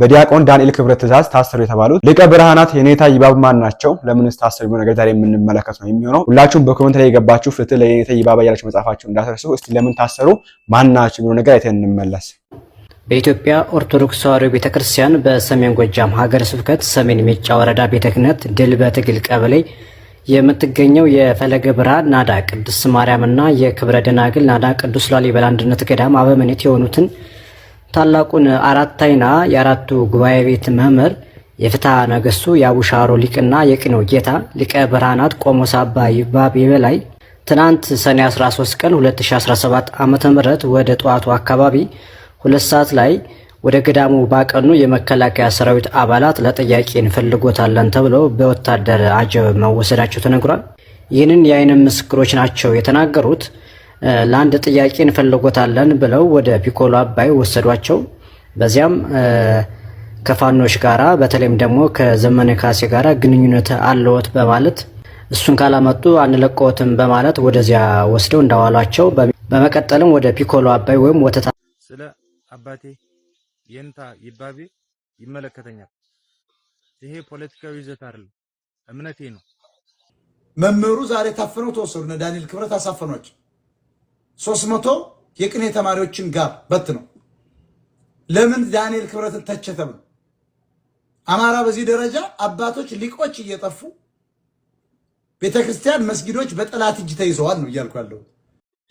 በዲያቆን ዳንኤል ክብረ ትእዛዝ ታሰሩ የተባሉት ሊቀ ብርሃናት የኔታ ይባብ ማን ናቸው? ለምንስ ታሰሩ? የሚሆነው ነገር ዛሬ የምንመለከት ነው የሚሆነው። ሁላችሁም በኮመንት ላይ የገባችሁ ፍትህ ለኔታ ይባብ እያላችሁ መጻፋችሁ እንዳትረሱ። እስቲ ለምን ታሰሩ፣ ማን ናቸው የሚሆነው ነገር አይተን እንመለስ። በኢትዮጵያ ኦርቶዶክስ ተዋሕዶ ቤተ ክርስቲያን በሰሜን ጎጃም ሀገረ ስብከት ሰሜን ሜጫ ወረዳ ቤተ ክህነት ድል በትግል ቀበሌ የምትገኘው የፈለገ ብርሃን ናዳ ቅድስት ማርያምና የክብረ ደናግል ናዳ ቅዱስ ላሊበላ አንድነት ገዳም አበምኔት የሆኑትን ታላቁን አራታይና የአራቱ ጉባኤ ቤት መምህር የፍትሐ ነገሥቱ የአቡሻሮ ሊቅና የቅኔው ጌታ ሊቀ ብርሃናት ቆሞስ አባ ይባቤ በላይ ትናንት ሰኔ 13 ቀን 2017 ዓ ም ወደ ጠዋቱ አካባቢ ሁለት ሰዓት ላይ ወደ ገዳሙ ባቀኑ የመከላከያ ሰራዊት አባላት ለጥያቄ እንፈልጎታለን ተብሎ በወታደር አጀብ መወሰዳቸው ተነግሯል። ይህንን የአይን ምስክሮች ናቸው የተናገሩት። ለአንድ ጥያቄ እንፈልጎታለን ብለው ወደ ፒኮሎ አባይ ወሰዷቸው። በዚያም ከፋኖች ጋራ በተለይም ደግሞ ከዘመነ ካሴ ጋራ ግንኙነት አለዎት በማለት እሱን ካላመጡ አንለቀዎትም በማለት ወደዚያ ወስደው እንዳዋሏቸው፣ በመቀጠልም ወደ ፒኮሎ አባይ ወይም ወተታ ስለ አባቴ የንታ ይባቤ ይመለከተኛል። ይሄ ፖለቲካዊ ይዘት አይደለም፣ እምነቴ ነው። መምህሩ ዛሬ ታፍነው ተወሰዱ። እነ ዳንኤል ክብረት አሳፈኗቸው። ሶስት መቶ የቅኔ ተማሪዎችን ጋር በት ነው። ለምን ዳንኤል ክብረትን ተቸ አማራ በዚህ ደረጃ አባቶች ሊቆች እየጠፉ ቤተክርስቲያን፣ መስጊዶች በጠላት እጅ ተይዘዋል ነው እያልኩ ያለው።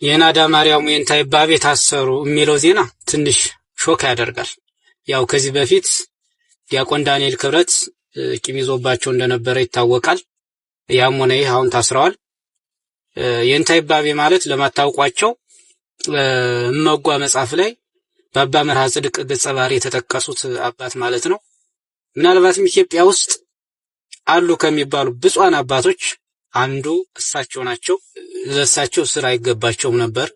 የናዳ ማርያም ወይንታ ይባቤ ታሰሩ የሚለው ዜና ትንሽ ሾክ ያደርጋል። ያው ከዚህ በፊት ዲያቆን ዳንኤል ክብረት ቂም ይዞባቸው እንደነበረ ይታወቃል። ያም ሆነ ይህ አሁን ታስረዋል። የእንታይ ባቤ ማለት ለማታውቋቸው እመጓ መጽሐፍ ላይ በአባ መርሃ ጽድቅ ገጸ ባህሪ የተጠቀሱት አባት ማለት ነው። ምናልባትም ኢትዮጵያ ውስጥ አሉ ከሚባሉ ብፁዓን አባቶች አንዱ እሳቸው ናቸው። ለእሳቸው ስራ አይገባቸውም ነበር።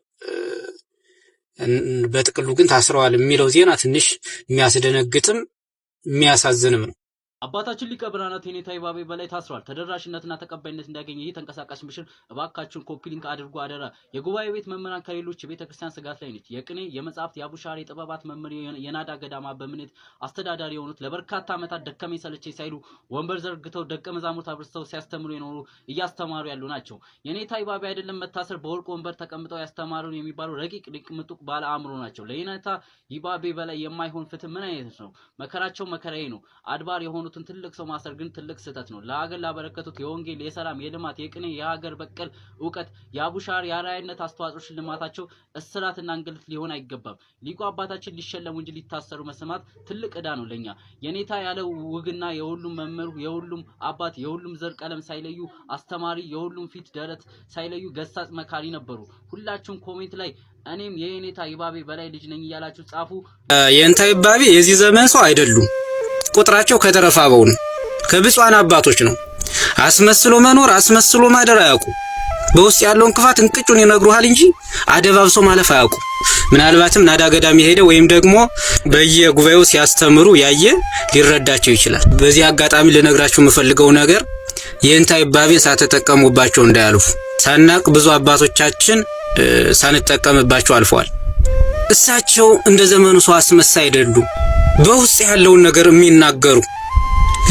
በጥቅሉ ግን ታስረዋል የሚለው ዜና ትንሽ የሚያስደነግጥም የሚያሳዝንም ነው። አባታችን ሊቀ ብርሃናት የኔታ ይባቤ በላይ ታስሯል። ተደራሽነትና ተቀባይነት እንዲያገኘ ይህ ተንቀሳቃሽ ምስል እባካችሁን ኮፒ ሊንክ አድርጎ አደራ። የጉባኤ ቤት መምህራን ከሌሎች የቤተ ክርስቲያን ስጋት ላይ ነች። የቅኔ የመጽሐፍት፣ የአቡሻር፣ የጥበባት መምህር የናዳ ገዳማ በምኔት አስተዳዳሪ የሆኑት ለበርካታ ዓመታት ደከመኝ ሰለቸኝ ሳይሉ ወንበር ዘርግተው ደቀ መዛሙርት አብርስተው ሲያስተምሩ የኖሩ እያስተማሩ ያሉ ናቸው። የኔታ ይባቤ አይደለም መታሰር በወርቅ ወንበር ተቀምጠው ያስተማሩን የሚባሉ ረቂቅ ሊቅ ምጡቅ ባለ አእምሮ ናቸው። ለኔታ ይባቤ በላይ የማይሆን ፍትህ ምን አይነት ነው? መከራቸው መከራዬ ነው። አድባር የሆኑ ያሉትን ትልቅ ሰው ማሰር ግን ትልቅ ስህተት ነው። ለሀገር ላበረከቱት የወንጌል፣ የሰላም፣ የልማት፣ የቅኔ፣ የሀገር በቀል እውቀት፣ የአቡሻር የአርአያነት አስተዋጽኦ ሽልማታቸው እስራትና እንግልት ሊሆን አይገባም። ሊቁ አባታችን ሊሸለሙ እንጂ ሊታሰሩ መሰማት ትልቅ እዳ ነው ለኛ። የኔታ ያለ ውግና የሁሉም መምህር፣ የሁሉም አባት፣ የሁሉም ዘር ቀለም ሳይለዩ አስተማሪ፣ የሁሉም ፊት ደረት ሳይለዩ ገሳጽ መካሪ ነበሩ። ሁላችሁም ኮሜንት ላይ እኔም የኔታ ይባቤ በላይ ልጅ ነኝ እያላችሁ ጻፉ። የኔታ ይባቤ የዚህ ዘመን ሰው አይደሉም። ቁጥራቸው ከተረፋበውን ከብፁዓን አባቶች ነው። አስመስሎ መኖር አስመስሎ ማደር አያውቁ። በውስጥ ያለውን ክፋት እንቅጩን ይነግሩሃል እንጂ አደባብሶ ማለፍ አያውቁ። ምናልባትም ናዳ ገዳም የሄደ ወይም ደግሞ በየጉባኤው ሲያስተምሩ ያየ ሊረዳቸው ይችላል። በዚህ አጋጣሚ ልነግራቸው የምፈልገው ነገር የእንታይ እባቤ ሳትጠቀሙባቸው እንዳያልፉ። ሳናቅ ብዙ አባቶቻችን ሳንጠቀምባቸው አልፈዋል። እሳቸው እንደ ዘመኑ ሰው አስመሳይ አይደሉ በውስጥ ያለውን ነገር የሚናገሩ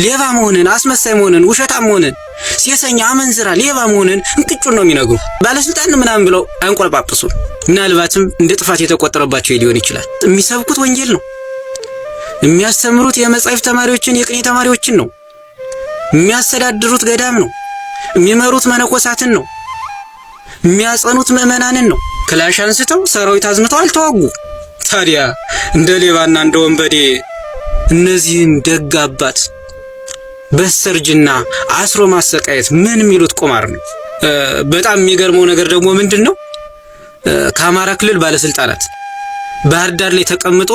ሌባ መሆንን፣ አስመሳይ መሆንን፣ ውሸታም መሆንን፣ ሴሰኛ፣ አመንዝራ፣ ሌባ መሆንን እንቅጩን ነው የሚነግሩ። ባለስልጣን ምናምን ብለው አንቆለጳጵሱ። ምናልባትም እንደ ጥፋት የተቆጠረባቸው ሊሆን ይችላል። የሚሰብኩት ወንጌል ነው። የሚያስተምሩት የመጻሕፍት ተማሪዎችን የቅኔ ተማሪዎችን ነው። የሚያስተዳድሩት ገዳም ነው። የሚመሩት መነኮሳትን ነው። የሚያጸኑት ምዕመናንን ነው። ክላሽ አንስተው ሰራዊት አዝምተው አልተዋጉ። ታዲያ እንደ ሌባና እንደ ወንበዴ እነዚህን ደግ አባት በሰርጅና አስሮ ማሰቃየት ምን የሚሉት ቁማር ነው። በጣም የሚገርመው ነገር ደግሞ ምንድን ነው? ከአማራ ክልል ባለስልጣናት ባህር ዳር ላይ ተቀምጦ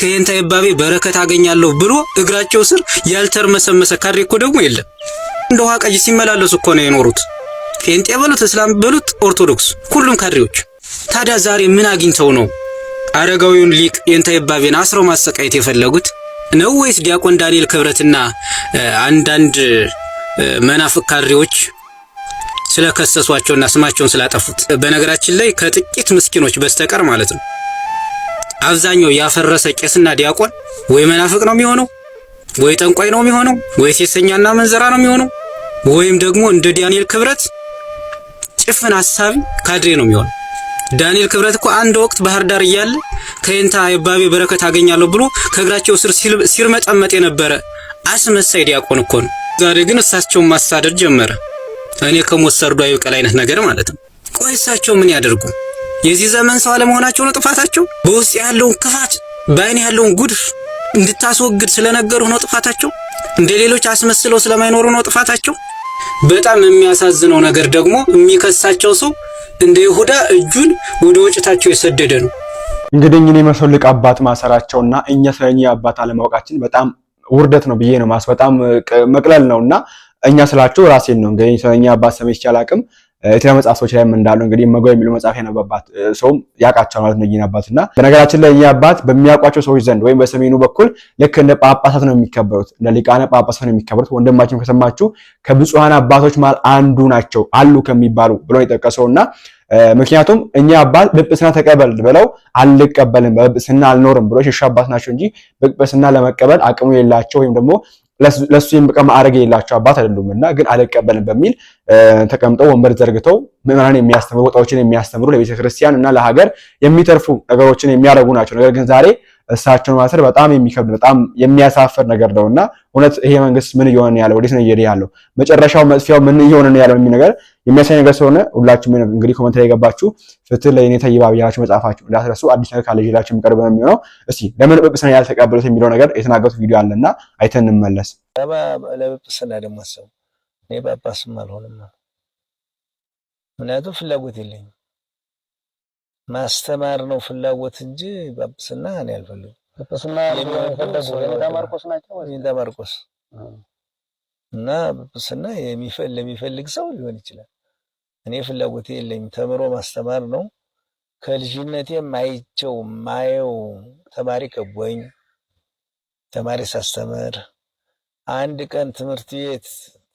ከየንታ የባቤ በረከት አገኛለሁ ብሎ እግራቸው ስር ያልተርመሰመሰ ካድሬ እኮ ደግሞ የለም። እንደ ውሃ ቀጅ ሲመላለሱ እኮ ነው የኖሩት። ፌንጤ በሉት እስላም በሉት ኦርቶዶክስ፣ ሁሉም ካድሬዎች። ታዲያ ዛሬ ምን አግኝተው ነው አረጋዊውን ሊቅ የንታይ ባቤን አስረው ማሰቃየት የፈለጉት ነው? ወይስ ዲያቆን ዳንኤል ክብረትና አንዳንድ መናፍቅ ካድሬዎች ስለከሰሷቸውና ስማቸውን ስላጠፉት? በነገራችን ላይ ከጥቂት ምስኪኖች በስተቀር ማለት ነው አብዛኛው ያፈረሰ ቄስና ዲያቆን ወይ መናፍቅ ነው የሚሆነው፣ ወይ ጠንቋይ ነው የሚሆነው፣ ወይ ሴሰኛና መንዘራ ነው የሚሆነው ወይም ደግሞ እንደ ዳንኤል ክብረት ጭፍን ሀሳቢ ካድሬ ነው የሚሆነው። ዳንኤል ክብረት እኮ አንድ ወቅት ባህር ዳር እያለ ከየንታ የባቤ በረከት አገኛለሁ ብሎ ከእግራቸው ስር ሲርመጠመጥ የነበረ አስመሳይ ዲያቆን እኮ ነው። ዛሬ ግን እሳቸውን ማሳደድ ጀመረ። እኔ ከሞት ሰርዶ አይብቀል አይነት ነገር ማለት ነው። ቆይ እሳቸው ምን ያደርጉ? የዚህ ዘመን ሰው አለመሆናቸው ነው ጥፋታቸው? በውስጥ ያለውን ክፋት፣ በአይን ያለውን ጉድፍ እንድታስወግድ ስለነገሩ ነው ጥፋታቸው? እንደ ሌሎች አስመስለው ስለማይኖሩ ነው ጥፋታቸው? በጣም የሚያሳዝነው ነገር ደግሞ የሚከሳቸው ሰው እንደ ይሁዳ እጁን ወደ ወጭታቸው የሰደደ ነው። እንግዲህ እኚህን የመሰሉ አባት ማሰራቸው እና እኛ ስለ እኚህ አባት አለማወቃችን በጣም ውርደት ነው ብዬ ነው ማስ በጣም መቅለል ነው እና እኛ ስላችሁ ራሴን ነው እንግዲህ ስለ እኚህ አባት ሰምቼ አላቅም። የተለያዩ መጽሐፍቶች ላይም እንዳሉ እንግዲህ እመጓ የሚሉ መጽሐፍ ያነበባት ሰውም ያውቃቸዋል ማለት ነው የእኛ አባት እና በነገራችን ላይ እኛ አባት በሚያውቋቸው ሰዎች ዘንድ ወይም በሰሜኑ በኩል ልክ እንደ ጳጳሳት ነው የሚከበሩት፣ እንደ ሊቃነ ጳጳሳት ነው የሚከበሩት። ወንድማችን ከሰማችሁ ከብፁዓን አባቶች መሃል አንዱ ናቸው አሉ ከሚባሉ ብሎ የጠቀሰው እና ምክንያቱም እኛ አባት ጵጵስና ተቀበል ብለው አልቀበልም በጵጵስና አልኖርም ብሎ ሽሻ አባት ናቸው እንጂ ጵጵስና ለመቀበል አቅሙ የላቸው ወይም ደግሞ ለሱ የሚበቃ ማዕረግ የሌላቸው አባት አይደሉም እና ግን አልቀበልም በሚል ተቀምጠው ወንበር ዘርግተው ምዕመናን የሚያስተምሩ ወጣዎችን የሚያስተምሩ ለቤተክርስቲያን እና ለሀገር የሚተርፉ ነገሮችን የሚያደርጉ ናቸው። ነገር ግን ዛሬ እሳቸውን ማሰር በጣም የሚከብድ በጣም የሚያሳፍር ነገር ነው እና እውነት ይሄ መንግስት ምን እየሆነ ያለው ወዴት ነው እየሄደ ያለው መጨረሻው መጥፊያው ምን እየሆነ ያለው የሚል ነገር የሚያሳይ ነገር ስለሆነ ሁላችሁም እንግዲህ ኮመንት ላይ የገባችሁ ፍትህ ለእኔ ተይባብ ያላችሁ መጻፋችሁ እንዳትረሱ። አዲስ ነገር ካለ ይላችሁ የሚቀርብ ነው የሚሆነው። እስቲ ለምን ጵጵስና ያልተቀበሉት የሚለው ነገር የተናገሩት ቪዲዮ አለና አይተን እንመለስ። ለጵጵስና ደግሞ ሰው እኔ ጳጳስም አልሆንም። ምክንያቱም ፍላጎት የለኝም ማስተማር ነው ፍላጎት እንጂ ጳጳስና እኔ አልፈልግም። ጳጳስና ማርቆስ ናቸው ማርቆስ እና ጳጳስና ለሚፈልግ ሰው ሊሆን ይችላል። እኔ ፍላጎቴ የለኝም። ተምሮ ማስተማር ነው። ከልጅነቴ ማይቸው ማየው ተማሪ ከቦኝ ተማሪ ሳስተምር አንድ ቀን ትምህርት ቤት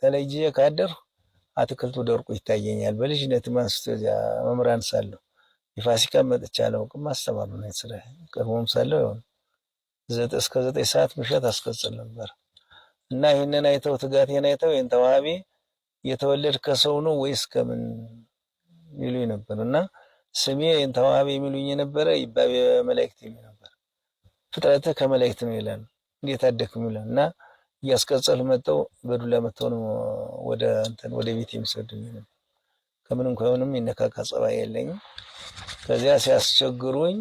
ተለይዬ ካደር አትክልቱ ደርቆ ይታየኛል። በልጅነት አንስቶ መምህራን ሳለሁ የፋሲካ መጥቼ አላውቅም። አስተማሩ ነው ስራ ቀርቦም ሳለው ሆን እስከ ዘጠኝ ሰዓት ምሸት አስቀጽል ነበር እና ይህንን አይተው ትጋቴን አይተው ይህን ተዋህቢ የተወለድ ከሰው ነው ወይስ ከምን ይሉኝ ነበር እና ስሜ ይህን ተዋህቢ የሚሉኝ የነበረ ይባቤ መላእክት የሚል ነበር። ፍጥረትህ ከመላእክት ነው ይላል። እንዴት አደክም ይላል እና እያስቀጸሉ መጠው በዱላ መጥተው ነው ወደ እንትን ወደ ቤት የሚሰዱኝ። ከምንም ከምንም ይነካካ ጸባይ የለኝም። ከዚያ ሲያስቸግሩኝ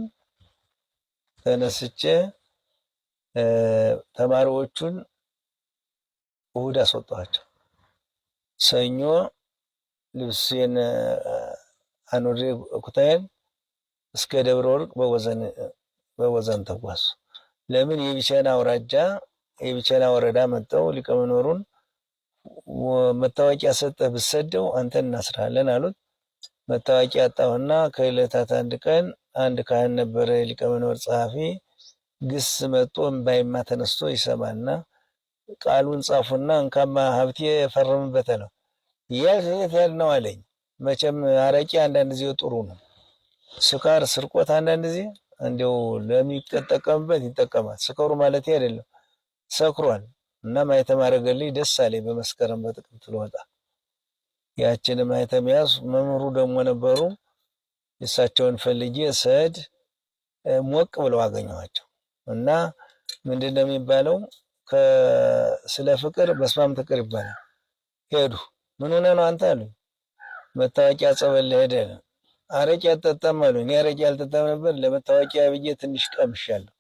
ተነስቼ ተማሪዎቹን እሁድ አስወጣኋቸው። ሰኞ ልብሴን አኖሬ ኩታዬን እስከ ደብረ ወርቅ በወዘን ተጓዙ። ለምን የቢቸና አውራጃ የቢቸና ወረዳ መጠው ሊቀመኖሩን መታወቂያ ሰጠህ ብትሰደው አንተን እናስራለን አሉት። መታወቂያ አጣሁና ከዕለታት አንድ ቀን አንድ ካህን ነበረ፣ የሊቀመንበር ጸሐፊ። ግስ መጦ እምባይማ ተነስቶ ይሰማና ቃሉን ጻፉና እንካማ ሀብቴ የፈረምበት ነው ያል ነው አለኝ። መቼም አረቄ አንዳንድ ጊዜ ጥሩ ነው፣ ስኳር ስርቆት አንዳንድ ጊዜ እንዲያው ለሚጠቀምበት ይጠቀማል። ስከሩ ማለት አይደለም ሰክሯል። እና ማየተማረገልኝ ደስ አለኝ። በመስከረም በጥቅምት ልወጣ ያችን ማህተም ያዝ። መምህሩ ደግሞ ነበሩ። እሳቸውን ፈልጌ ስሄድ ሞቅ ብለው አገኘኋቸው እና ምንድን ነው የሚባለው? ስለ ፍቅር በስማም ፍቅር ይባላል። ሄዱ። ምን ሆነ ነው አንተ አሉ። መታወቂያ ጸበል ሄደ። አረቄ አልጠጣም አሉ። እኔ አረቄ አልጠጣም ነበር፣ ለመታወቂያ ብዬ ትንሽ ቀምሻለሁ።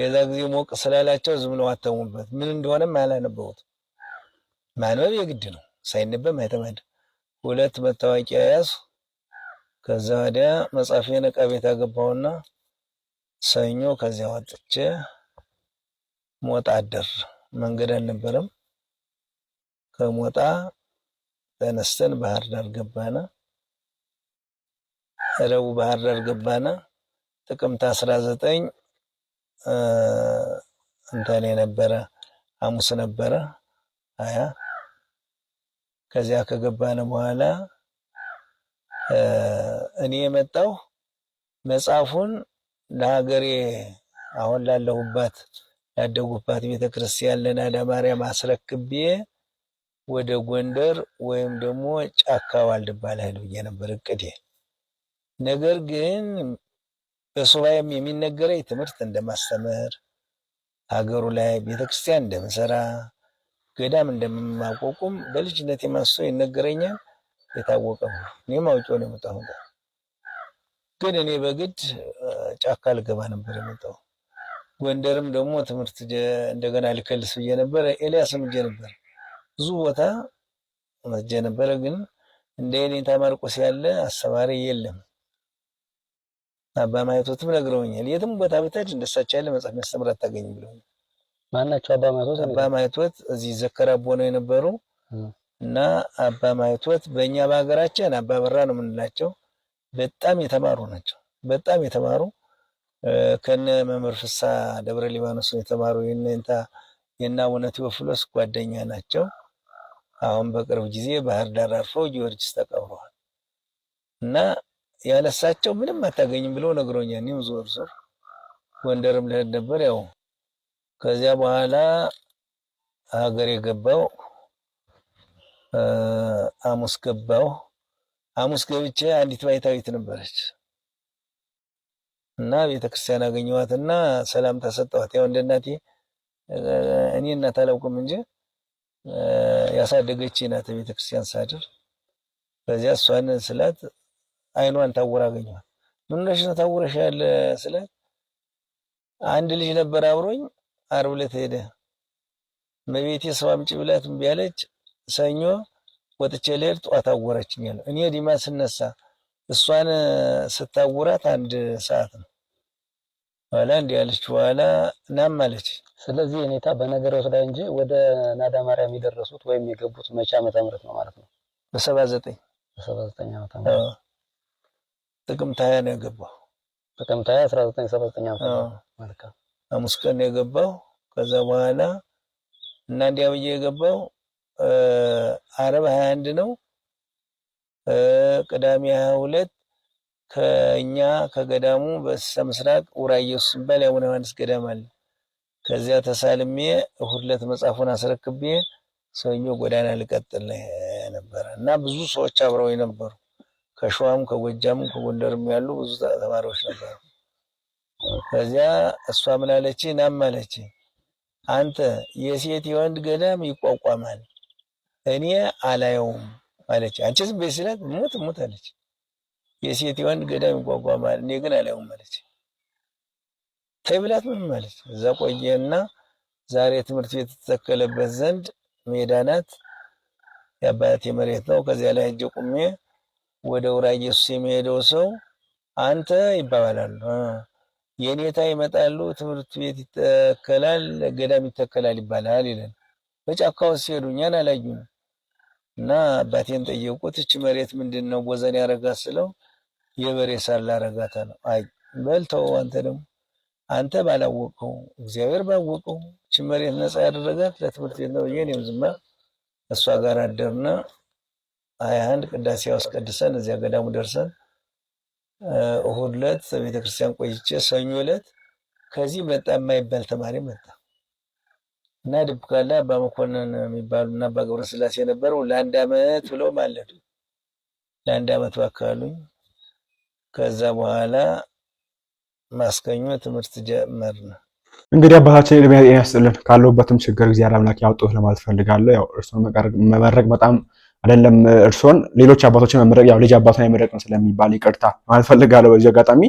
የዛ ጊዜ ሞቅ ስላላቸው ዝም ብለው አተሙበት። ምን እንደሆነም አላነበቡት ማንበብ የግድ ነው። ሳይነበብ ማይተማድ ሁለት መታወቂያ ያዝ። ከዛ ወዲያ መጽሐፌን ዕቃ ቤት አገባሁና ሰኞ ከዚያ ወጥቼ ሞጣ አደር መንገድ አልነበረም። ከሞጣ ተነስተን ባህር ዳር ገባና ረቡዕ ባህር ዳር ገባና ጥቅምት አስራ ዘጠኝ እንትን ነበረ ሐሙስ ነበረ ሀያ ከዚያ ከገባን በኋላ እኔ የመጣው መጽሐፉን ለሀገሬ አሁን ላለሁባት ላደጉባት ቤተክርስቲያን ለናዳ ማርያም አስረክቤ ወደ ጎንደር ወይም ደግሞ ጫካ ዋልድባ ልሄድ ብዬ ነበር እቅዴ። ነገር ግን በሱባኤም የሚነገረኝ ትምህርት እንደማስተምር ሀገሩ ላይ ቤተክርስቲያን እንደምሰራ ገዳም እንደማቋቁም በልጅነት የማንሶ ይነገረኛል። የታወቀ እኔ አውቄው ነው የመጣሁ። ግን እኔ በግድ ጫካ ልገባ ነበር የመጣው ጎንደርም ደግሞ ትምህርት እንደገና ልከልስ ብዬ ነበረ። ኤልያስም እጄ ነበር ብዙ ቦታ እጄ ነበረ። ግን እንደ የኔታ ማርቆስ ያለ አስተማሪ የለም። አባ ማየቶትም ነግረውኛል። የትም ቦታ ብትሄድ እንደሳቸው ያለ መጽሐፍ የሚያስተምር አታገኝም ብለውኛል። ማናቸው? አባ ማይቶት አባ ማይቶት እዚህ ዘከራቦ ነው የነበሩ እና አባ ማይቶት በእኛ በሀገራችን አባ በራ ነው የምንላቸው። በጣም የተማሩ ናቸው። በጣም የተማሩ ከነ መምህር ፍሳ ደብረ ሊባኖስ የተማሩ የነንታ የና አቡነ ቴዎፍሎስ ጓደኛ ናቸው። አሁን በቅርብ ጊዜ ባህር ዳር አርፈው ጊዮርጊስ ተቀብረዋል እና ያለሳቸው ምንም አታገኝም ብለው ነግሮኛል። እኔም ዞር ዞር ጎንደርም ልሄድ ነበር ያው ከዚያ በኋላ ሀገር የገባው አሙስ ገባው። አሙስ ገብቼ አንዲት ባይታዊት ነበረች እና ቤተክርስቲያን አገኘዋትና ሰላም ተሰጠዋት። ያው እንደ እናቴ እኔ እናት አላውቅም እንጂ ያሳደገች ናት። ቤተክርስቲያን ሳድር በዚያ እሷን ስላት አይኗን ታውራ አገኘዋት። ምን ነሽ ታውረሻል ስላት አንድ ልጅ ነበር አብሮኝ ዓርብ ዕለት ሄደ። በቤቴ ሰው አምጪ ብላት እምቢ አለች። ሰኞ ወጥቼ ልሄድ ጠዋት አወረችኝ አለ። እኔ ዲማ ስነሳ እሷን ስታውራት አንድ ሰዓት ነው። በኋላ እንዲህ አለች። በኋላ ናም አለች። ስለዚህ ሁኔታ በነገር ላይ እንጂ ወደ ናዳ ማርያም የደረሱት ወይም የገቡት መቼ ዓመተ ነው ማለት ነው? በሰባ ዘጠኝ በሰባ ዘጠኝ ዓመተ ምህረት ጥቅምት ሀያ ነው የገባው። ጥቅምት ሀያ አስራ ዘጠኝ ሰባ ዘጠኝ ዓመተ ሐሙስ ቀን የገባው ከዛ በኋላ እና እንዲያ ብዬ የገባው አረብ ሀያ አንድ ነው። ቅዳሜ ሀያ ሁለት ከእኛ ከገዳሙ በስተ ምስራቅ ውራ ኢየሱስ ሲባል የአቡነ ዮሐንስ ገዳም አለ። ከዚያ ተሳልሜ እሁድለት ዕለት መጽሐፉን አስረክቤ ሰኞ ጎዳና ልቀጥል ነበረ እና ብዙ ሰዎች አብረው ነበሩ። ከሸዋም ከጎጃም ከጎንደርም ያሉ ብዙ ተማሪዎች ነበሩ። ከዚያ እሷ አለች? ናም አለች አንተ የሴት የወንድ ገዳም ይቋቋማል እኔ አላየውም አለች። አንቺ ዝም በይ ሙት ሙት አለች። የሴት የወንድ ገዳም ይቋቋማል እኔ ግን አላየውም አለች። ተይ ብላት ምንም እዛ ቆየና ዛሬ ትምህርት ቤት የተተከለበት ዘንድ ሜዳ ናት። የአባቴ መሬት ነው። ከዚያ ላይ እጅ ቁሜ ወደ ውራ ኢየሱስ የሚሄደው ሰው አንተ ይባባላሉ የኔታ ይመጣሉ፣ ትምህርት ቤት ይተከላል፣ ገዳም ይተከላል ይባላል ይላል። በጫካው ውስጥ ሲሄዱ እኛን አላዩንም እና አባቴን ጠየቁት። እች መሬት ምንድን ነው ቦዘን ያረጋት ስለው የበሬ ሳር ላረጋታ ነው። አይ በልተው አንተ ደግሞ አንተ ባላወቀው እግዚአብሔር ባወቀው እች መሬት ነፃ ያደረጋት ለትምህርት ቤት ነው ብዬ እኔም ዝማ እሷ ጋር አደርና ሀያ አንድ ቅዳሴ ያስቀድሰን እዚያ ገዳሙ ደርሰን እሑድ ዕለት ክርስቲያን ቆይቼ ሰኞ ዕለት ከዚህ መጣ የማይባል ተማሪ መጣ እና ድብቃላ አባ መኮንን የሚባሉ እና አባ ስላሴ የነበረው ለአንድ ዓመት ብለው ማለዱ። ለአንድ ዓመት ባካሉኝ። ከዛ በኋላ ማስከኞ ትምህርት ጀመር ነው። እንግዲህ አባታችን ዕድሜ ያስጥልን፣ ካለሁበትም ችግር እግዚአብሔር አምላክ ያውጡህ ለማለት ፈልጋለሁ። ያው እርሱን መመረቅ በጣም አይደለም እርሶን ሌሎች አባቶችን መመረቅ ያው ልጅ አባቱን የመረቅ ነው ስለሚባል ይቅርታ ማለት ፈልጋለሁ በዚህ አጋጣሚ።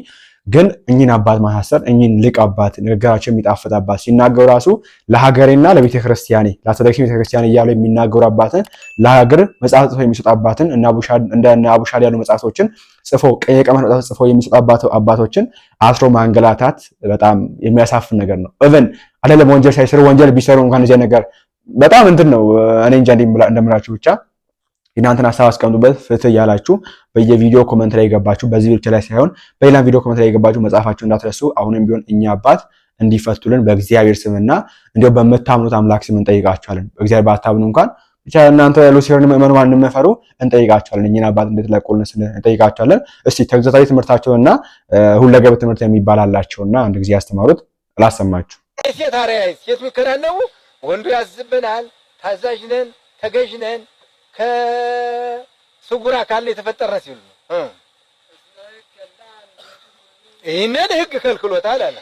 ግን እኚህን አባት ማሳሰር እኚህን ልቅ አባት ንግግራቸው የሚጣፍጥ አባት ሲናገሩ ራሱ ለሀገሬና ለቤተክርስቲያኔ ለአርቶዶክስ ቤተክርስቲያን እያሉ የሚናገሩ አባትን ለሀገር መጽሐፍ ጽፎ የሚሰጡ አባትን እንደ አቡሻል ያሉ መጽሐፎችን ጽፎ ቀይ ቀመር መጽሐፍ ጽፎ የሚሰጡ አባቶችን አስሮ ማንገላታት በጣም የሚያሳፍን ነገር ነው። እብን አይደለም ወንጀል ሳይሰሩ ወንጀል ቢሰሩ እንኳን እዚያ ነገር በጣም እንትን ነው። እኔ እንጃ እንደምላችሁ ብቻ የእናንተን ሀሳብ አስቀምጡበት። ፍትህ ያላችሁ በየቪዲዮ ኮመንት ላይ የገባችሁ በዚህ ቪዲዮ ላይ ሳይሆን በሌላ ቪዲዮ ኮመንት ላይ የገባችሁ መጽሐፋችሁ እንዳትረሱ። አሁንም ቢሆን እኛ አባት እንዲፈቱልን በእግዚአብሔር ስምና እንዲሁም በምታምኑት አምላክ ስም እንጠይቃችኋለን። በእግዚአብሔር ባታምኑ እንኳን ብቻ እናንተ ሉሲፈርን ምእመኑ ማን እንደመፈሩ እንጠይቃቸዋለን። እኛን አባት እንድትለቁልን እንጠይቃቸዋለን። እስቲ ተግዛታዊ ትምህርታቸውንና ሁለገብ ትምህርት የሚባል አላቸውና አንድ ጊዜ ያስተማሩት ላሰማችሁ። ሴት አርአያ ሴት የሚከናነቡ ወንዱ ያዝብናል፣ ታዛዥነን፣ ተገዥነን ከስጉር ካለ የተፈጠረ ሲሉ ነው። ይህንን ህግ ከልክሎታል አለ።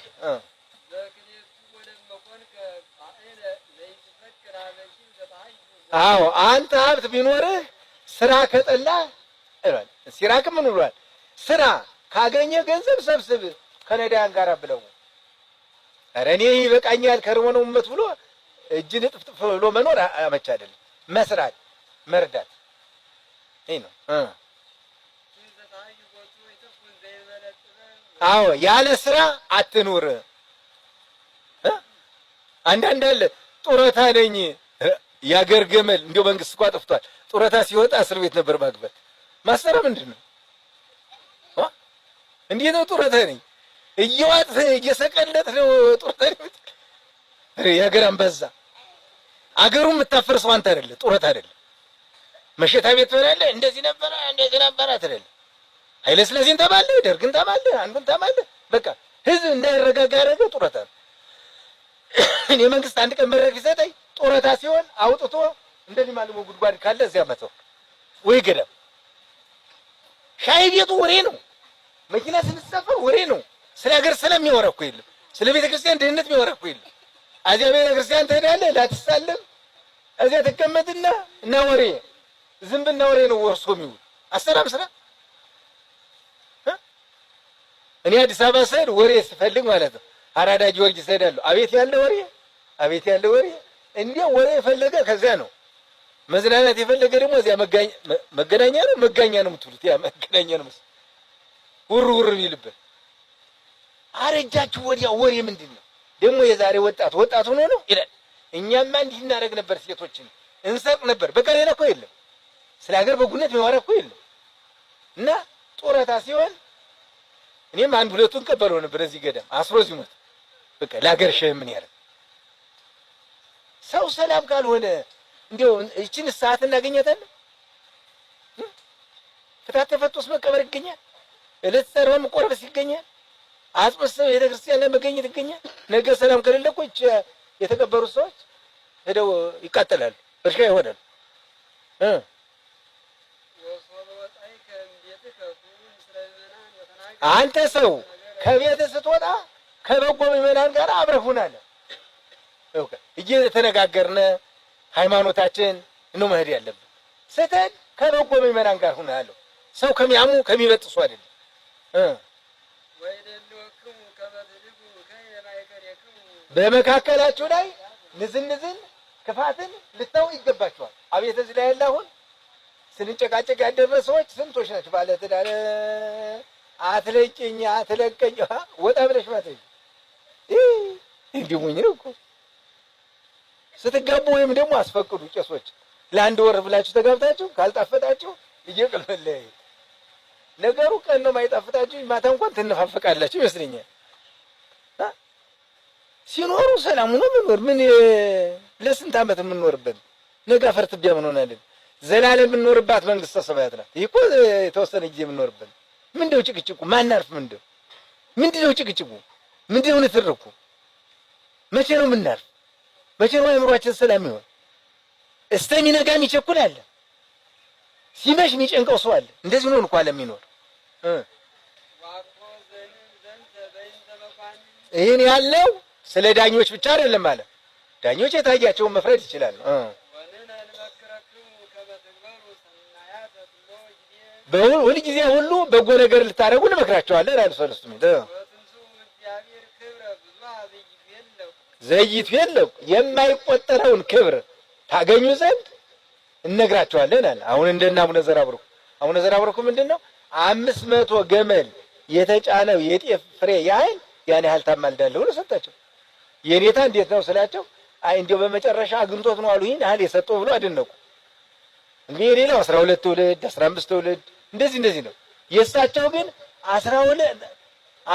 አዎ አንተ ሀብት ቢኖርህ ስራ ከጠላ እሏል። ሲራክ ምን ብሏል? ስራ ካገኘ ገንዘብ ሰብስብ ከነዳያን ጋር ብለው ኧረ እኔ ይበቃኛል ከርሞ ነው መት ብሎ እጅን ጥፍጥፍ ብሎ መኖር አመች አይደለም መስራት መርዳት ነው። አዎ ያለ ስራ አትኑር። አንዳንድ አለ ጡረታ ነኝ ያገር ገመል እንዲያው መንግስት እኮ አጥፍቷል። ጡረታ ሲወጣ እስር ቤት ነበር ማግባት ማሰራ ምንድን ነው? እንዴት ነው ጡረታ ነኝ እየዋጥ እየሰቀለት ነው ጡረታ ነኝ። ያገራን አንበዛ አገሩን የምታፈርሰው አንተ አይደለ ጡረታ አይደለ መሸታ ቤት ትበላለህ፣ እንደዚህ ነበረ እንደዚህ ነበረ ትላለህ። ኃይለ ሥላሴን ተማለህ፣ ደርግን ተማለህ፣ አንዱን ተማለህ። በቃ ህዝብ እንዳይረጋጋ ያደረገ ጡረታ ነው። እኔ መንግስት አንድ ቀን መድረክ ቢሰጠኝ ጡረታ ሲሆን አውጥቶ እንደዚህ ማልሞ ጉድጓድ ካለ እዚያ መተው ወይ ገዳም። ሻይ ቤቱ ወሬ ነው፣ መኪና ስንሰፈር ወሬ ነው። ስለ ሀገር ሰላም የሚያወራ እኮ የለም። ስለ ቤተ ክርስቲያን ድህነት የሚያወራ እኮ የለም። አዚያ ቤተ ክርስቲያን ትሄዳለህ፣ ላትሳለም፣ እዚያ ትቀመጥና እና ወሬ ዝምብና ወሬ ነው ወርሶ የሚውል አሰራም ስራ እኔ አዲስ አበባ ስሄድ ወሬ ስፈልግ ማለት ነው አራዳ ጊዮርጊስ እሄዳለሁ። አቤት ያለ ወሬ፣ አቤት ያለ ወሬ። እንዲያው ወሬ የፈለገ ከዚያ ነው መዝናናት የፈለገ ደግሞ እዚያ መገናኛ ነው መጋኛ ነው የምትሉት ያ መገናኛ ነው ውር ውር የሚልበት አረጃችሁ ወዲያ ወሬ ምንድን ነው ደግሞ የዛሬ ወጣት ወጣት ሆኖ ነው ይላል። እኛማ እንዲህ እናደርግ ነበር፣ ሴቶችን እንሰርቅ ነበር። በቃ ሌላ እኮ የለም። ስለ ሀገር በጉነት የሚያወራ እኮ የለም። እና ጡረታ ሲሆን እኔም አንድ ሁለቱን ቀበለው ነበር። እዚህ ገዳም አስሮ ሲሞት በቃ ለሀገር ሸህ ምን ያደርግ ሰው ሰላም ካልሆነ እንዲያው እችን ሰዓት እናገኛታለን። ፍታት ተፈቶስ መቀበር ይገኛል። እለት ሰርባ መቆረበስ ይገኛል። አጽበሰብ ክርስቲያን ላይ መገኘት ይገኛል። ነገ ሰላም ከሌለ እኮ የተቀበሩት ሰዎች ሄደው ይቃጠላሉ፣ እርሻ ይሆናሉ። አንተ ሰው ከቤት ስትወጣ ከበጎ ምዕመናን ጋር አብረህ ሁናለ። እየተነጋገርነ ሃይማኖታችን ነው መሄድ ያለብን ስትል ከበጎ ምዕመናን ጋር ሁናለሁ። ሰው ከሚያሙ ከሚበጥሱ አይደለም። በመካከላችሁ ላይ ንዝንዝን ክፋትን ልታው ይገባችኋል። አቤት እዚህ ላይ ያለ አሁን ስንጨቃጨቅ ያደረ ሰዎች ስንቶች ናቸው? ባለ ባለትዳር አትለቂኝ፣ አትለቀኝ፣ ወጣ ብለሽ ማትለኝ እንዲሙኝ እኮ ስትጋቡ ወይም ደግሞ አስፈቅዱ ቄሶች ለአንድ ወር ብላችሁ ተጋብታችሁ ካልጣፈጣችሁ እየቅል ነገሩ ቀን ነው ማይጣፍጣችሁ፣ ማታ እንኳን ትነፋፈቃላችሁ ይመስለኛል። ሲኖሩ ሰላም ሆኖ መኖር ምን ለስንት ዓመት የምንኖርበት ነገ አፈር ትቢያ ምን ሆናለን? ዘላለም የምንኖርባት መንግስተ ሰማያት ናት። ይህ እኮ የተወሰነ ጊዜ የምንኖርበት ምንድነው ጭቅጭቁ? ማናርፍ ምንድነው? ምንድነው ጭቅጭቁ? ምንድነው ንትርኩ? መቼ ነው የምናርፍ? መቼ ነው አእምሯችን ሰላም ይሆን? እስተሚነጋ ይቸኩል አለ፣ ሲመሽ የሚጨንቀው ሰው አለ። እንደዚህ ነው እንኳ ለሚኖር ይህን ያለው ስለ ዳኞች ብቻ አይደለም አለ። ዳኞች የታያቸውን መፍረድ ይችላል። ጊዜ ሁሉ በጎ ነገር ልታደርጉ እንመክራቸዋለን። አንሱ አንሱ ዘይት የለው የማይቆጠረውን ክብር ታገኙ ዘንድ እነግራቸዋለን አለ። አሁን እንደና አቡነ ዘራብሩክ አቡነ ዘራብሩክ ምንድን ነው አምስት መቶ ገመል የተጫነው የጤፍ ፍሬ ያህል ያን ያህል ታማልዳለህ ብሎ ሰጣቸው። የኔታ እንዴት ነው ስላቸው፣ አይ እንዲያው በመጨረሻ አግኝቶት ነው አሉ። ይህን ያህል የሰጠው ብሎ አደነቁ። እንግዲህ የሌላው አስራ ሁለት ትውልድ አስራ አምስት ትውልድ እንደዚህ እንደዚህ ነው። የእሳቸው ግን አስራ ሁለት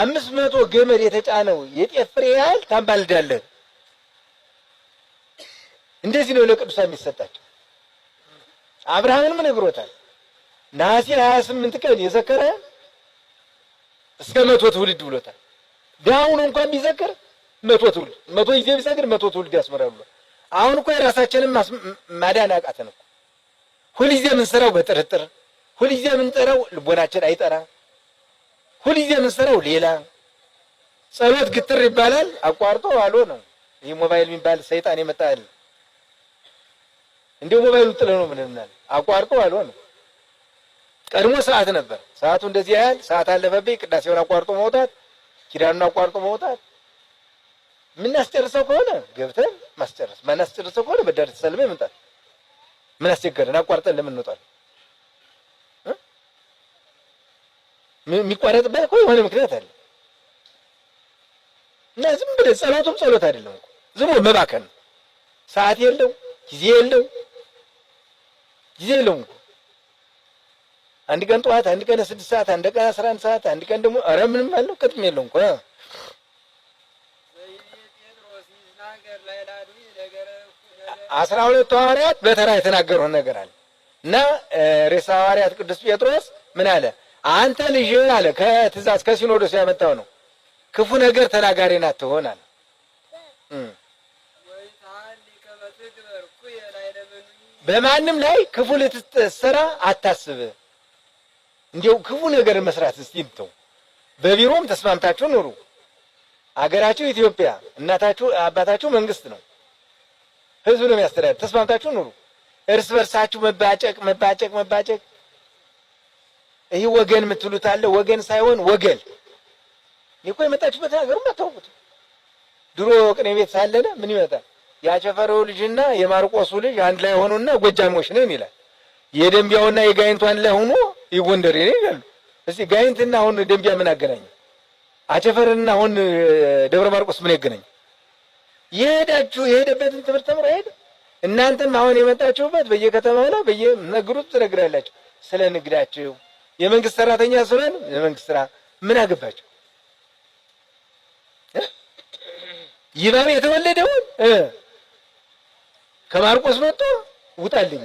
አምስት መቶ ገመድ የተጫነው የጤፍ ፍሬ ያህል ታማልዳለህ። እንደዚህ ነው ለቅዱሳን የሚሰጣቸው። አብርሃምንም ነግሮታል። ነሐሴ ሀያ ስምንት ቀን የዘከረ እስከ መቶ ትውልድ ብሎታል። ዳውን እንኳን ቢዘክር መቶ ትውልድ መቶ ጊዜ ቢዘክር መቶ ትውልድ ያስመራሉ። አሁን እኮ የራሳችንን ማዳን አቃተን እኮ ሁልጊዜ የምንሰራው በጥርጥር ሁልጊዜ የምንጠራው ልቦናችን አይጠራ፣ ሁልጊዜ የምንሰራው ሌላ። ጸሎት ግትር ይባላል፣ አቋርጦ አሎ ነው። ይህ ሞባይል የሚባል ሰይጣን የመጣል እንዲሁ ሞባይሉ ጥለ ነው ምንምናል፣ አቋርጦ አሎ ነው። ቀድሞ ሰዓት ነበር። ሰዓቱ እንደዚህ ያህል ሰዓት አለፈብኝ፣ ቅዳሴውን አቋርጦ መውጣት፣ ኪዳኑን አቋርጦ መውጣት። የምናስጨርሰው ከሆነ ገብተን ማስጨረስ፣ ማናስጨርሰው ከሆነ በዳር ተሰልመን መምጣት። ምን አስቸገረን? አቋርጠን ለምን እንወጣለን? የሚቋረጥበት እኮ የሆነ ምክንያት አለ እና ዝም ብለህ ጸሎቱም ጸሎት አይደለም እኮ ዝም ብሎ መባከን ነው። ሰዓት የለው ጊዜ የለው ጊዜ የለውም እኮ አንድ ቀን ጠዋት፣ አንድ ቀን ስድስት ሰዓት፣ አንድ ቀን አስራ አንድ ሰዓት፣ አንድ ቀን ደግሞ ኧረ ምንም አለው ቅጥም የለው እኮ አስራ ሁለቱ ሐዋርያት በተራ የተናገሩት ነገር አለ እና ርዕሰ ሐዋርያት ቅዱስ ጴጥሮስ ምን አለ? አንተ ልጅ አለ ከትእዛዝ ከሲኖዶስ ያመጣው ነው። ክፉ ነገር ተናጋሪ ናት አለ። በማንም ላይ ክፉ ልትሰራ አታስብ። እንዲያው ክፉ ነገር መስራት እስቲ እንተው። በቢሮም ተስማምታችሁ ኑሩ። አገራችሁ ኢትዮጵያ፣ እናታችሁ አባታችሁ መንግስት ነው፣ ህዝብ ነው የሚያስተዳድር። ተስማምታችሁ ኑሩ። እርስ በርሳችሁ መባጨቅ መባጨቅ መባጨቅ ይህ ወገን የምትሉት አለ። ወገን ሳይሆን ወገል። እኔ እኮ የመጣችሁበት ነገር ድሮ ቅኔ ቤት ሳለነ ምን ይመጣል? የአቸፈረው ልጅና የማርቆሱ ልጅ አንድ ላይ ሆኑና ጎጃሞች ነን ይላል። የደንቢያውና የጋይንቱ አንድ ላይ ሆኖ የጎንደሬ ነው ይላሉ። እስኪ ጋይንትና አሁን ደንቢያ ምን አገናኘ? አቸፈርና አሁን ደብረ ማርቆስ ምን ያገናኘ? የሄዳችሁ የሄደበትን ትምህርት ተምሮ ሄደ። እናንተም አሁን የመጣችሁበት በየከተማ ላይ በየነግሩት ትነግራላችሁ ስለ ንግዳችሁ የመንግስት ሰራተኛ ስለሆን የመንግስት ስራ ምን አገባቸው? ይባብ የተወለደውን ከማርቆስ መጥቶ ውጣልኝ፣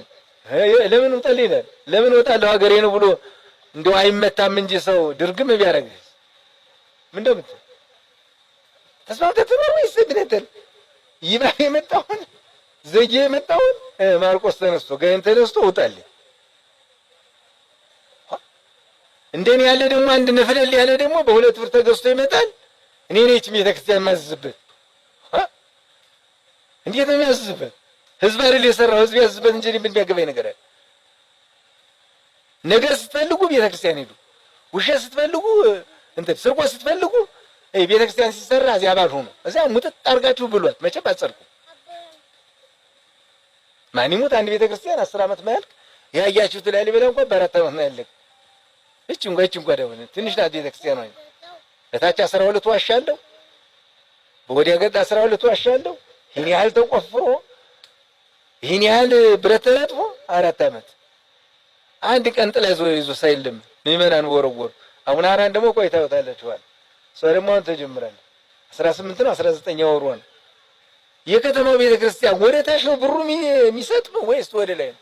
ለምን ውጣልኝ ይላል። ለምን እወጣለሁ ሀገሬ ነው ብሎ እንደው አይመታም እንጂ ሰው ድርግም ቢያደርግህ ምን ደምት ተስማምተህ ትኖር ወይስ ብለተል ይባብ የመጣውን ዘጌ የመጣውን ማርቆስ ተነስቶ ጋይን ተነስቶ ውጣልኝ እንደኔ ያለ ደግሞ አንድ ነፍለል ያለ ደግሞ በሁለት ብር ተገዝቶ ይመጣል። እኔ ነች ቤተክርስቲያን ማዝዝበት እንዴት ነው የሚያዝዝበት? ህዝብ አይደል የሰራው ህዝብ ያዝዝበት እንጂ ምን የሚያገባኝ ነገር አለ? ነገር ስትፈልጉ ቤተክርስቲያን ሄዱ፣ ውሸት ስትፈልጉ እንትን ስርቆ ስትፈልጉ ቤተክርስቲያን ሲሰራ እዚያ ባል ሆኖ እዚያ ሙጥጥ አድርጋችሁ ብሏት መቼም አትጸድቁ። ማን ይሙት አንድ ቤተክርስቲያን አስር ዓመት ማያልቅ ያያችሁት ላሊበላ እንኳን በአራት ዓመት ነው ያለቅ እች እንኳ እች እንኳ ደው ትንሽ ናት ቤተክርስቲያኗ። በታች አስራ ሁለት ዋሻ አለው፣ በወዲያ ገጥ አስራ ሁለት ዋሻ አለው። ይህን ያህል ተቆፍሮ ይህን ያህል ብረት ተነጥፎ አራት ዓመት አንድ ቀን ጥላ ይዞ ይዞ ሳይልም ምዕመናን ወረወሩ። አቡነ አራን ደግሞ ቆይ እሷ ደግሞ አሁን ተጀምራለች። አስራ ስምንት ነው አስራ ዘጠኝ ወሯ ነው። የከተማው ወደ ታች ነው ብሩ የሚሰጥ ነው ወይስ ወደ ላይ ነው?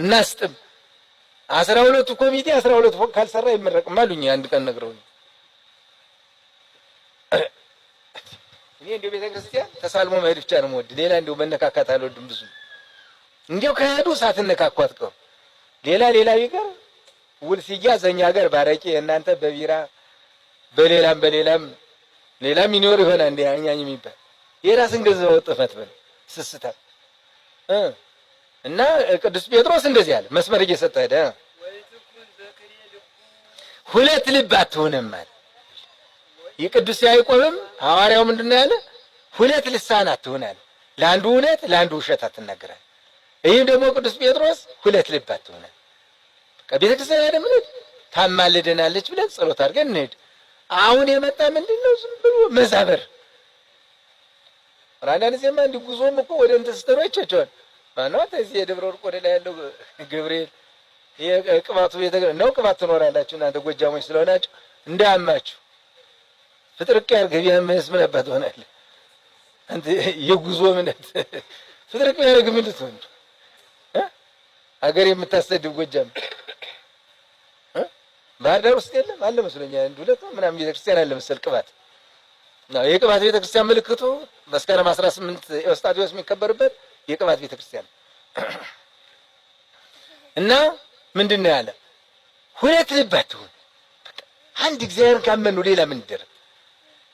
እናስጥም አስራ ሁለቱ ኮሚቴ አስራ ሁለት ፎቅ ካልሰራ አይመረቅም አሉኝ። አንድ ቀን ነግረውኝ እኔ እንዲሁ ክርስቲያን ተሳልሞ መሄድ ብቻ ነው የምወድ። ሌላ እንዲሁ መነካካት አልወድም። ብዙ እንዲሁ ከሄዱ ሳትነካኩ አትቀሩ። ሌላ ሌላ ቢቀር ውል ሲያዝ እኛ ሀገር ባረቄ እናንተ በቢራ በሌላም በሌላም ሌላም ይኖር ይሆናል እንደ እኛኝ የሚባል የራስን ገንዘብ ወጥፈት በል ስስታል እና ቅዱስ ጴጥሮስ እንደዚህ አለ። መስመር እየሰጠ ሄደ። ሁለት ልብ አትሆንም አለ። የቅዱስ ያዕቆብም ሐዋርያው ምንድን ነው ያለ? ሁለት ልሳን አትሆን አለ። ለአንዱ እውነት ለአንዱ ውሸት አትናገራል። ይህም ደግሞ ቅዱስ ጴጥሮስ ሁለት ልብ አትሆን አለ። ቤተ ክርስቲያን አይደል ታማልደናለች ብለን ጸሎት አድርገን እንሄድ። አሁን የመጣ ምንድን ነው? ዝም ብሎ መዛበር። አንዳንድ ጊዜማ እንዲህ እኮ ወደ እንትን ስትሮ ይቻቸዋል ማነው እዚህ የደብረ ወርቅ ወደ ላይ ያለው ገብርኤል የቅባቱ ቤተ ነው። ቅባት ትኖራላችሁ እናንተ ጎጃሞች ስለሆናችሁ እንዳያማችሁ ፍጥርቅ ያር ገቢያ መንስ ምን አባት ሆናለህ አንተ የጉዞ ምነት ፍጥርቅ ያር ግምት ትሆን አገር የምታሰድብ ጎጃም ባህር ዳር ውስጥ የለም አለ መስሎኛ አንድ ሁለት ምናምን ቤተክርስቲያን አለ መሰል ቅባት ነው። የቅባት ቤተክርስቲያን ምልክቱ መስከረም አስራ ስምንት ኤዎስጣቴዎስ የሚከበርበት የቅባት ቤተክርስቲያን እና ምንድን ነው ያለ ሁለት ልብ አትሁን። አንድ ካመን ነው ሌላ ምን ይደረግ?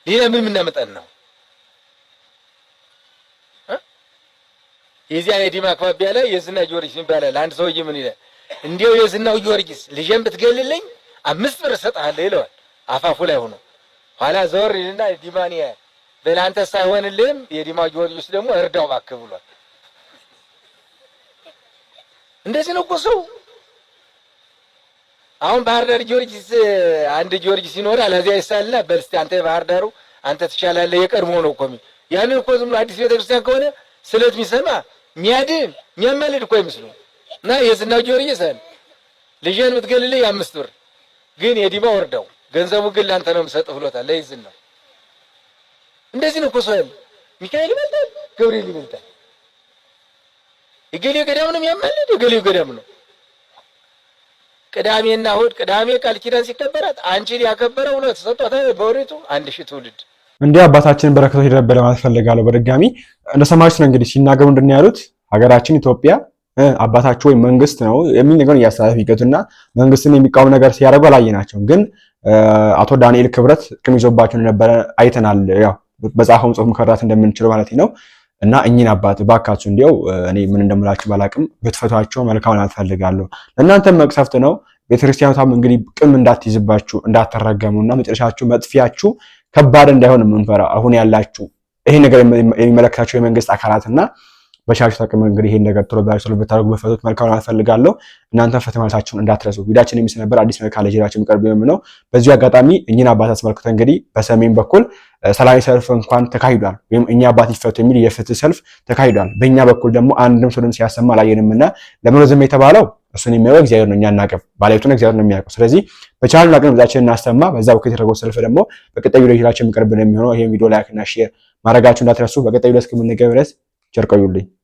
ሌላ ምን የምናመጣን ነው? የዚያ ዲማ አካባቢያ ላይ የዝና ጊዮርጊስ ይባላል። አንድ ሰውዬ ምን ይላል? እንዲያው የዝናው ጊዮርጊስ ልጄን ብትገልልኝ አምስት ብር እሰጥሃለሁ ይለዋል። አፋፉ ላይ ሆኖ ኋላ ዘወር ይልና ዲማን በላንተ ሳይሆንልህም የዲማ ጊዮርጊስ ደግሞ እርዳው እባክህ ብሏል። እንደዚህ ነው እኮ ሰው። አሁን ባህር ዳር ጊዮርጊስ አንድ ጊዮርጊስ ይኖራል። ከዚያ ይሳላ በል እስኪ አንተ የባህር ዳሩ አንተ ትሻላለህ። የቀድሞ ነው እኮ ያንን እኮ ዝም ብሎ አዲስ ቤተክርስቲያን ከሆነ ስለት የሚሰማ የሚያድን የሚያመልድ እኮ ይመስሉ እና የዝና ጊዮርጊስ አለ ልጅን የምትገልልህ የአምስት ብር ግን የዲማ ወርደው ገንዘቡ ግን ላንተ ነው የምሰጥህ ብሎታል። ለይዝናው እንደዚህ ነው እኮ ሰው ያለ። ሚካኤል ይበልጣል፣ ገብርኤል ይበልጣል። እገሌ ገዳም ነው የሚያማልድ እገሌው ገዳም ነው። ቅዳሜና እሑድ ቅዳሜ ቃል ኪዳን ሲከበራት አንቺን ያከበረ እውነት ተሰጥቷታል። በወሪቱ አንድ ሺህ ትውልድ እንዲህ አባታችን በረከቶ ይደረብ ለማለት ፈልጋለሁ። በድጋሚ እንደሰማችሁት ነው እንግዲህ ሲናገሩ እንድን ያሉት ሀገራችን ኢትዮጵያ አባታችሁ ወይም መንግስት ነው የሚል ነገር እያስተላለፈ ይገቱና መንግስትን የሚቃወም ነገር ሲያደርጉ አላየናቸውም። ግን አቶ ዳንኤል ክብረት ቅም ይዞባቸው እንደነበረ አይተናል። ያው በጻፈው ጽሁፍ መከራት እንደምንችለው ማለት ነው። እና እኚህን አባት ባካችሁ እንዲያው እኔ ምን እንደምላችሁ ባላቅም ብትፈቷቸው መልካም አልፈልጋለሁ። ለእናንተ መቅሰፍት ነው። ቤተክርስቲያኗም እንግዲህ ቅም እንዳትይዝባችሁ እንዳትረገሙና መጨረሻችሁ መጥፊያችሁ ከባድ እንዳይሆን የምንፈራ አሁን ያላችሁ ይሄ ነገር የሚመለከታቸው የመንግስት አካላትና በሻችሁ ተቀመ እንግዲህ ይሄን ነገር ቶሎ ብላችሁ ብታደርጉ በፈቶት መልካም አልፈልጋለሁ። እናንተ ፈተ ፈተማታችሁን እንዳትረሱ። ቪዳችን የሚሰነበር አዲስ መልካ ለጀራችሁ የሚቀርብ ነው። በዚሁ አጋጣሚ እኚህን አባት አስመልክቶ እንግዲህ በሰሜን በኩል ሰላማዊ ሰልፍ እንኳን ተካሂዷል፣ ወይም እኛ አባት ይፈቱ የሚል የፍትህ ሰልፍ ተካሂዷል። በእኛ በኩል ደግሞ አንድም ሰው ድምፅ ሲያሰማ አላየንም እና ለምን ዝም የተባለው እሱን የሚያየው እግዚአብሔር ነው፣ እኛ አናውቅም። ባለቤቱን እግዚአብሔር ነው የሚያውቀው። ስለዚህ በቻልን አቅም ብዛችን እናሰማ። በዛ በኩል የተደረገው ሰልፍ ደግሞ በቀጣዩ ቪዲዮ ይላችሁ የሚቀርብ ነው የሚሆነው። ይሄን ቪዲዮ ላይክና ሼር ማድረጋችሁ እንዳትረሱ። በቀጣዩ ቪዲዮ እስከምንገናኝ ድረስ ቸር